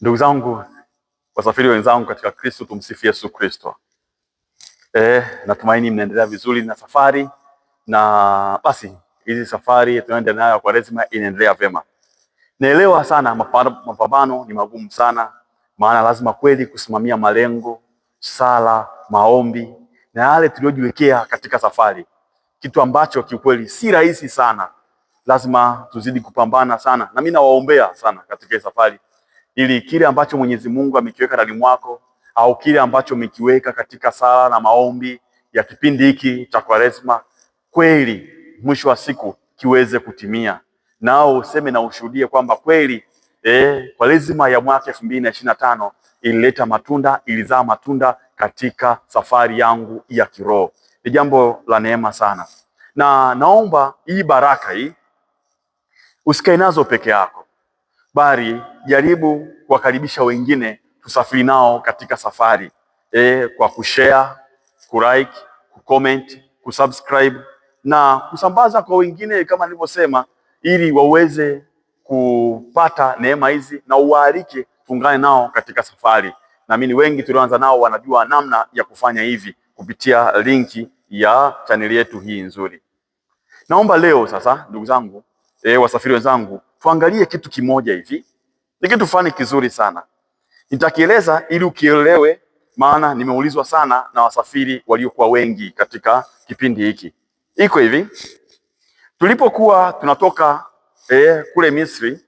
Ndugu zangu wasafiri wenzangu katika Kristo, tumsifu Yesu Kristo. Eh, natumaini mnaendelea vizuri na safari na basi, hizi safari tunaenda nayo kwa Kwaresima inaendelea vyema. Naelewa sana mapambano ni magumu sana, maana lazima kweli kusimamia malengo, sala, maombi na yale tuliyojiwekea katika safari, kitu ambacho kiukweli si rahisi sana. Lazima tuzidi kupambana sana, na mimi nawaombea sana katika safari ili kile ambacho Mwenyezi Mungu amekiweka ndani mwako au kile ambacho umekiweka katika sala na maombi ya kipindi hiki cha Kwaresma kweli mwisho wa siku kiweze kutimia, nao useme na ushuhudie kwamba kweli eh, Kwaresma ya mwaka elfu mbili na ishirini na tano ilileta matunda, ilizaa matunda katika safari yangu ya kiroho. Ni jambo la neema sana, na naomba hii baraka hii usikae nazo peke yako bali jaribu kuwakaribisha wengine, tusafiri nao katika safari e, kwa kushare, kulike, kucomment, kusubscribe na kusambaza kwa wengine kama nilivyosema, ili waweze kupata neema hizi na uwaalike, tuungane nao katika safari. Naamini wengi tulioanza nao wanajua namna ya kufanya hivi kupitia linki ya chaneli yetu hii nzuri. Naomba leo sasa, ndugu zangu e, wasafiri wenzangu tuangalie kitu kimoja hivi, ni kitu fulani kizuri sana, nitakieleza ili ukielewe, maana nimeulizwa sana na wasafiri waliokuwa wengi katika kipindi hiki. Iko hivi, tulipokuwa tunatoka eh, kule Misri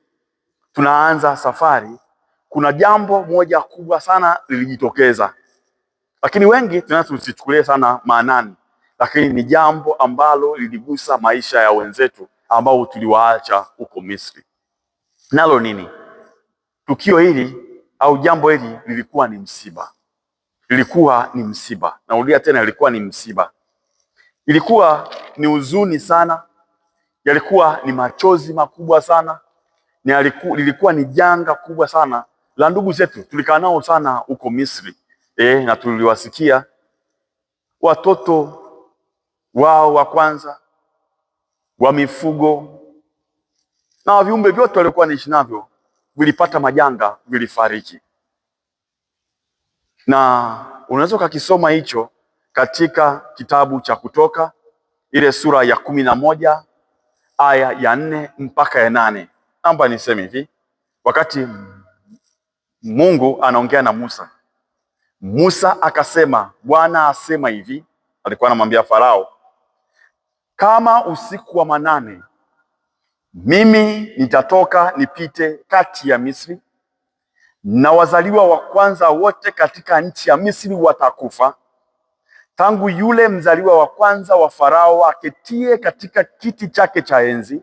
tunaanza safari, kuna jambo moja kubwa sana lilijitokeza, lakini wengi tunaweza sana maanani, lakini ni jambo ambalo liligusa maisha ya wenzetu ambao tuliwaacha huko Misri. Nalo nini? Tukio hili au jambo hili lilikuwa ni msiba, lilikuwa ni msiba. Narudia tena, ilikuwa ni msiba, ilikuwa ni huzuni sana, yalikuwa ni machozi makubwa sana, lilikuwa ni janga kubwa sana la ndugu zetu tulikaa nao sana huko Misri e, na tuliwasikia watoto wao wa kwanza wa mifugo na wa viumbe vyote waliokuwa niishi navyo vilipata majanga, vilifariki. Na unaweza ukakisoma hicho katika kitabu cha Kutoka ile sura ya kumi na moja aya ya nne mpaka ya nane. Naomba niseme hivi, wakati Mungu anaongea na Musa, Musa akasema, Bwana asema hivi, alikuwa anamwambia Farao kama usiku wa manane, mimi nitatoka nipite kati ya Misri, na wazaliwa wa kwanza wote katika nchi ya Misri watakufa, tangu yule mzaliwa wa kwanza wa Farao aketie katika kiti chake cha enzi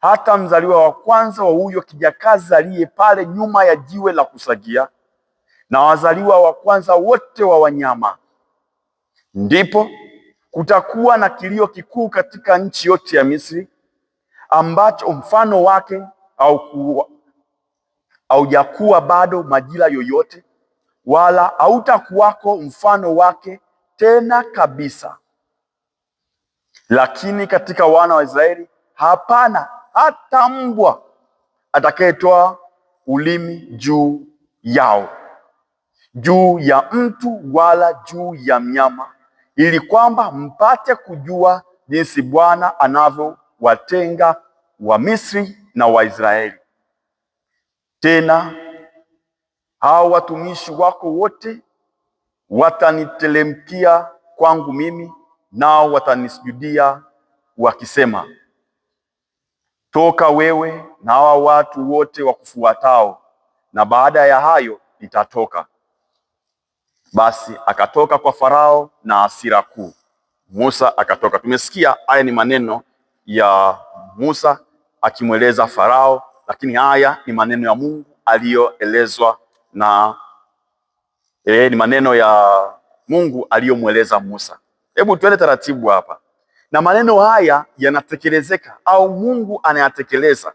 hata mzaliwa wa kwanza wa huyo kijakazi aliye pale nyuma ya jiwe la kusagia, na wazaliwa wa kwanza wote wa wanyama. Ndipo Kutakuwa na kilio kikuu katika nchi yote ya Misri ambacho mfano wake haujakuwa bado majira yoyote, wala hautakuwako mfano wake tena kabisa. Lakini katika wana wa Israeli hapana hata mbwa atakayetoa ulimi juu yao, juu ya mtu wala juu ya mnyama ili kwamba mpate kujua jinsi Bwana anavyowatenga Wamisri na Waisraeli. Tena hao watumishi wako wote watanitelemkia kwangu mimi, nao watanisujudia wakisema, toka wewe na hawa watu wote wakufuatao, na baada ya hayo nitatoka basi akatoka kwa Farao na hasira kuu, Musa akatoka. Tumesikia haya ni maneno ya Musa akimweleza Farao, lakini haya ni maneno ya Mungu aliyoelezwa na e, ni maneno ya Mungu aliyomweleza Musa. Hebu tuende taratibu hapa, na maneno haya yanatekelezeka au Mungu anayatekeleza.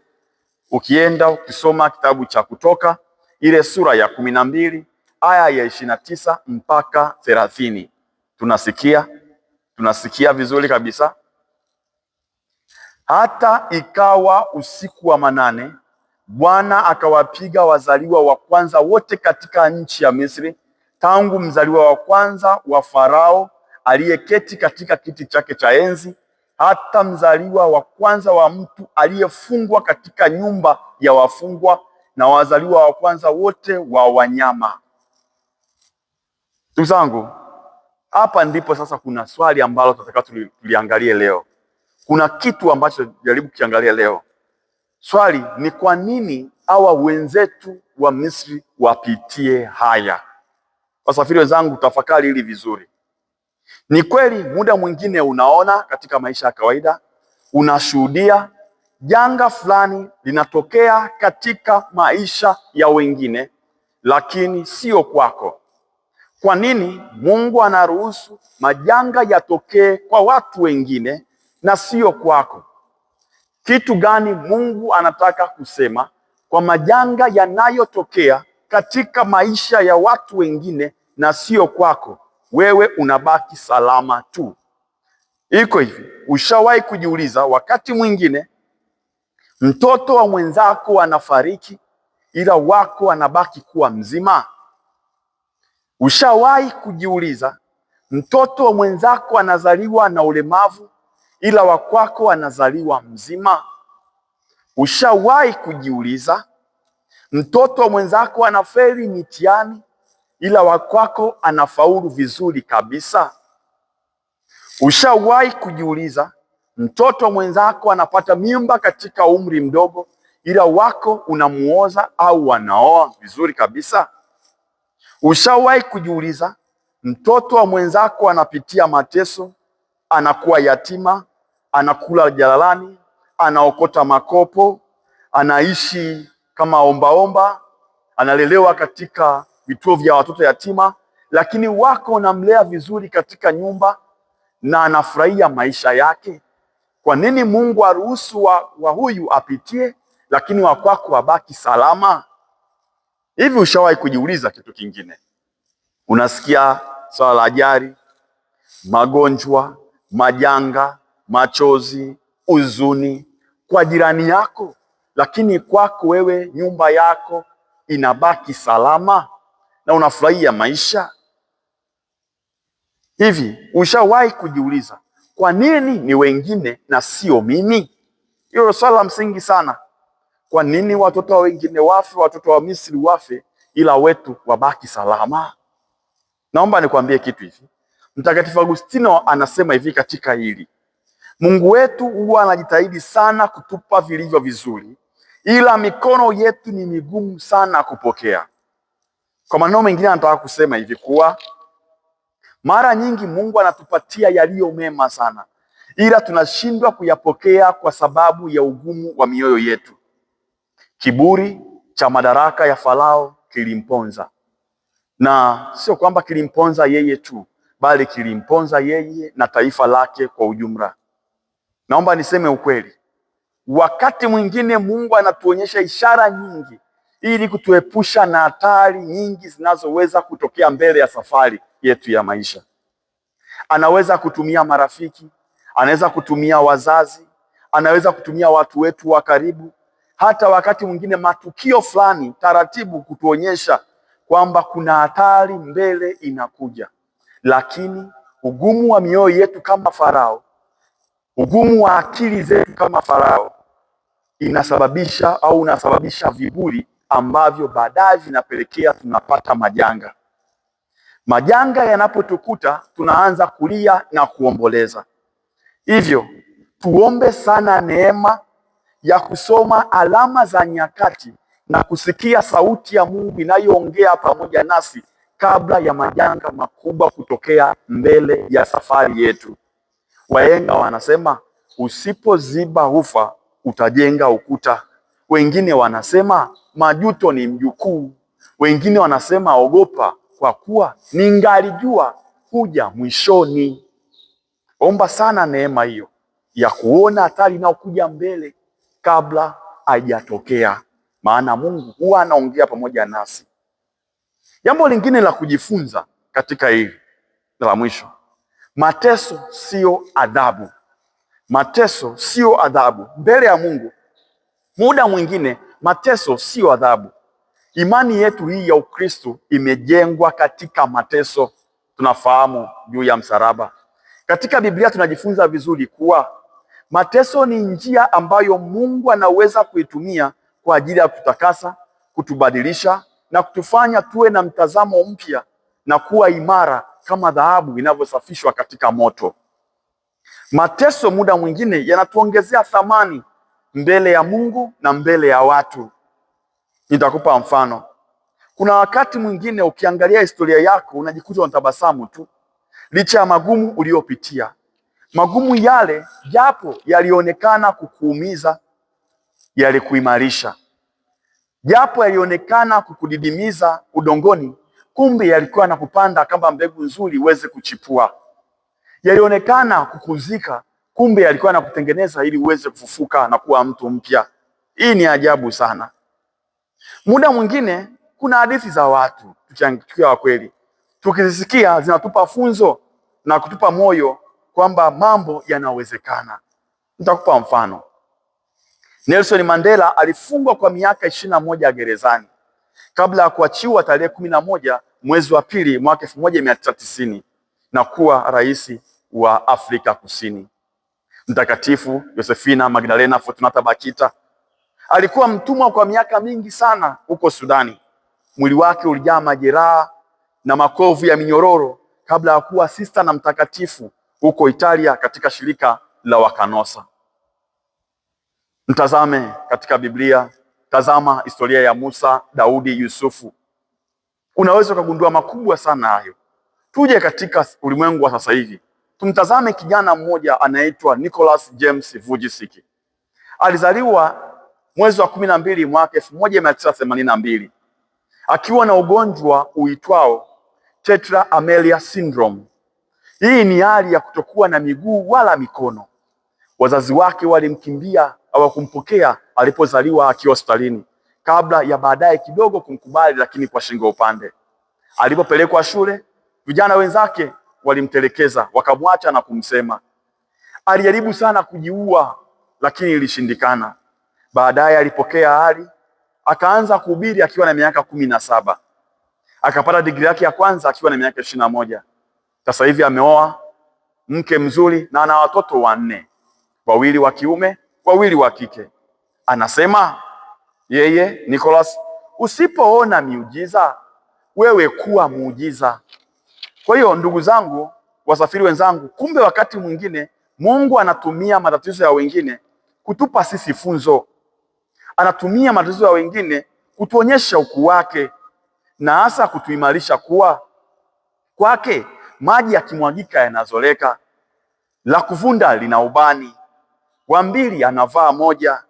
Ukienda ukisoma kitabu cha Kutoka ile sura ya kumi na mbili aya ya ishirini na tisa mpaka thelathini. Tunasikia tunasikia vizuri kabisa. Hata ikawa usiku wa manane, Bwana akawapiga wazaliwa wa kwanza wote katika nchi ya Misri, tangu mzaliwa wa kwanza wa Farao aliyeketi katika kiti chake cha enzi hata mzaliwa wa kwanza wa mtu aliyefungwa katika nyumba ya wafungwa na wazaliwa wa kwanza wote wa wanyama. Ndugu zangu, hapa ndipo sasa kuna swali ambalo tunataka tuliangalie leo. Kuna kitu ambacho jaribu kukiangalia leo. Swali ni kwa nini hawa wenzetu wa Misri wapitie haya? Wasafiri wenzangu, tafakari hili vizuri. Ni kweli muda mwingine unaona katika maisha ya kawaida, unashuhudia janga fulani linatokea katika maisha ya wengine, lakini sio kwako. Kwa nini Mungu anaruhusu majanga yatokee kwa watu wengine na sio kwako? Kitu gani Mungu anataka kusema kwa majanga yanayotokea katika maisha ya watu wengine na sio kwako? Wewe unabaki salama tu. Iko hivi, ushawahi kujiuliza, wakati mwingine mtoto wa mwenzako anafariki ila wako anabaki kuwa mzima? Ushawahi kujiuliza mtoto wa mwenzako anazaliwa na ulemavu ila wa kwako anazaliwa mzima? Ushawahi kujiuliza mtoto wa mwenzako anafeli mitihani ila wa kwako anafaulu vizuri kabisa? Ushawahi kujiuliza mtoto wa mwenzako anapata mimba katika umri mdogo ila wako unamuoza au wanaoa vizuri kabisa? Ushawahi kujiuliza mtoto wa mwenzako anapitia mateso, anakuwa yatima, anakula jalalani, anaokota makopo, anaishi kama ombaomba, analelewa katika vituo vya watoto yatima, lakini wako unamlea vizuri katika nyumba na anafurahia maisha yake. Kwa nini Mungu aruhusu wa, wa huyu apitie, lakini wakwako wabaki salama? Hivi ushawahi kujiuliza kitu kingine? Unasikia swala la ajali, magonjwa, majanga, machozi, huzuni kwa jirani yako, lakini kwako wewe nyumba yako inabaki salama na unafurahia maisha. Hivi ushawahi kujiuliza kwa nini ni wengine na sio mimi? Hilo swala la msingi sana. Kwa nini watoto wa wengine wafe, watoto wa Misri wafe, ila wetu wabaki salama? Naomba nikwambie kitu hivi. Mtakatifu Agustino anasema hivi katika hili, Mungu wetu huwa anajitahidi sana kutupa vilivyo vizuri, ila mikono yetu ni migumu sana kupokea. Kwa maneno mengine, anataka kusema hivi kuwa mara nyingi Mungu anatupatia yaliyo mema sana, ila tunashindwa kuyapokea kwa sababu ya ugumu wa mioyo yetu. Kiburi cha madaraka ya Farao kilimponza, na sio kwamba kilimponza yeye tu, bali kilimponza yeye na taifa lake kwa ujumla. Naomba niseme ukweli, wakati mwingine Mungu anatuonyesha ishara nyingi ili kutuepusha na hatari nyingi zinazoweza kutokea mbele ya safari yetu ya maisha. Anaweza kutumia marafiki, anaweza kutumia wazazi, anaweza kutumia watu wetu wa karibu, hata wakati mwingine matukio fulani taratibu kutuonyesha kwamba kuna hatari mbele inakuja, lakini ugumu wa mioyo yetu kama Farao, ugumu wa akili zetu kama Farao inasababisha au unasababisha viburi ambavyo baadaye vinapelekea tunapata majanga. Majanga yanapotukuta tunaanza kulia na kuomboleza. Hivyo tuombe sana neema ya kusoma alama za nyakati na kusikia sauti ya Mungu inayoongea pamoja nasi kabla ya majanga makubwa kutokea mbele ya safari yetu. Wahenga wanasema usipoziba hufa utajenga ukuta. Wengine wanasema majuto ni mjukuu, wengine wanasema ogopa kwa kuwa ningalijua kuja mwishoni. Omba sana neema hiyo ya kuona hatari inayokuja mbele kabla haijatokea, maana Mungu huwa anaongea pamoja nasi. Jambo lingine la kujifunza katika hili la mwisho, mateso sio adhabu. Mateso sio adhabu mbele ya Mungu. Muda mwingine mateso sio adhabu. Imani yetu hii ya Ukristo imejengwa katika mateso. Tunafahamu juu ya msalaba. Katika Biblia tunajifunza vizuri kuwa Mateso ni njia ambayo Mungu anaweza kuitumia kwa ajili ya kutakasa, kutubadilisha na kutufanya tuwe na mtazamo mpya na kuwa imara kama dhahabu inavyosafishwa katika moto. Mateso muda mwingine yanatuongezea thamani mbele ya Mungu na mbele ya watu. Nitakupa mfano. Kuna wakati mwingine ukiangalia historia yako unajikuta unatabasamu tu licha ya magumu uliyopitia, Magumu yale japo yalionekana kukuumiza, yalikuimarisha. Japo yalionekana kukudidimiza udongoni, kumbe yalikuwa na kupanda kama mbegu nzuri uweze kuchipua. Yalionekana kukuzika, kumbe yalikuwa na kutengeneza ili uweze kufufuka na kuwa mtu mpya. Hii ni ajabu sana. Muda mwingine kuna hadithi za watu, tukiwa kweli, tukizisikia zinatupa funzo na kutupa moyo kwamba mambo yanawezekana. Nitakupa mfano. Nelson Mandela alifungwa kwa miaka ishirini na moja gerezani kabla ya kuachiwa tarehe kumi na moja mwezi wa pili mwaka elfu moja mia tisa tisini na kuwa rais wa Afrika Kusini. Mtakatifu Josefina Magdalena Fortunata Bakita alikuwa mtumwa kwa miaka mingi sana huko Sudani. Mwili wake ulijaa majeraha na makovu ya minyororo kabla ya kuwa sista na mtakatifu huko Italia katika shirika la Wakanosa. Mtazame katika Biblia, tazama historia ya Musa, Daudi, Yusufu. Unaweza ukagundua makubwa sana hayo. Tuje katika ulimwengu wa sasa hivi, tumtazame kijana mmoja anaitwa Nicholas James Vujisiki. Alizaliwa mwezi wa kumi na mbili mwaka elfu moja mia tisa themanini na mbili akiwa na ugonjwa uitwao tetra amelia syndrome. Hii ni hali ya kutokuwa na miguu wala mikono. Wazazi wake walimkimbia, hawakumpokea alipozaliwa akiwa hospitalini, kabla ya baadaye kidogo kumkubali, lakini kwa shingo upande. Alipopelekwa shule, vijana wenzake walimtelekeza, wakamwacha na kumsema. Alijaribu sana kujiua, lakini ilishindikana. Baadaye alipokea hali, akaanza kuhubiri akiwa na miaka kumi na saba akapata digrii yake ya kwanza akiwa na miaka ishirini na moja sasa hivi ameoa mke mzuri na ana watoto wanne, wawili wa kiume, wawili wa kike. Anasema yeye Nicholas, usipoona miujiza wewe kuwa muujiza. Kwa hiyo ndugu zangu, wasafiri wenzangu, kumbe wakati mwingine Mungu anatumia matatizo ya wengine kutupa sisi funzo, anatumia matatizo ya wengine kutuonyesha ukuu wake na hasa kutuimarisha kuwa kwake maji yakimwagika yanazoleka, la kuvunda lina ubani, wa mbili anavaa moja,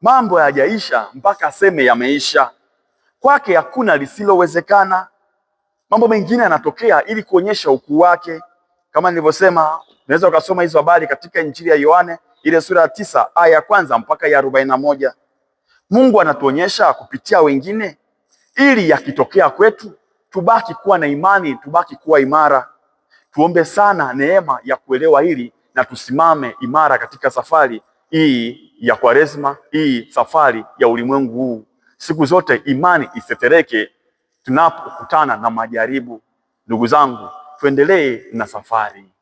mambo yajaisha mpaka aseme yameisha, kwake hakuna lisilowezekana. Mambo mengine yanatokea ili kuonyesha ukuu wake. Kama nilivyosema, unaweza ukasoma hizo habari katika Injili ya Yohane ile sura ya tisa aya ya kwanza mpaka ya arobaini na moja. Mungu anatuonyesha kupitia wengine, ili yakitokea kwetu tubaki kuwa na imani, tubaki kuwa imara. Tuombe sana neema ya kuelewa hili na tusimame imara katika safari hii ya Kwaresma, hii safari ya ulimwengu huu. Siku zote imani isetereke tunapokutana na majaribu. Ndugu zangu, tuendelee na safari.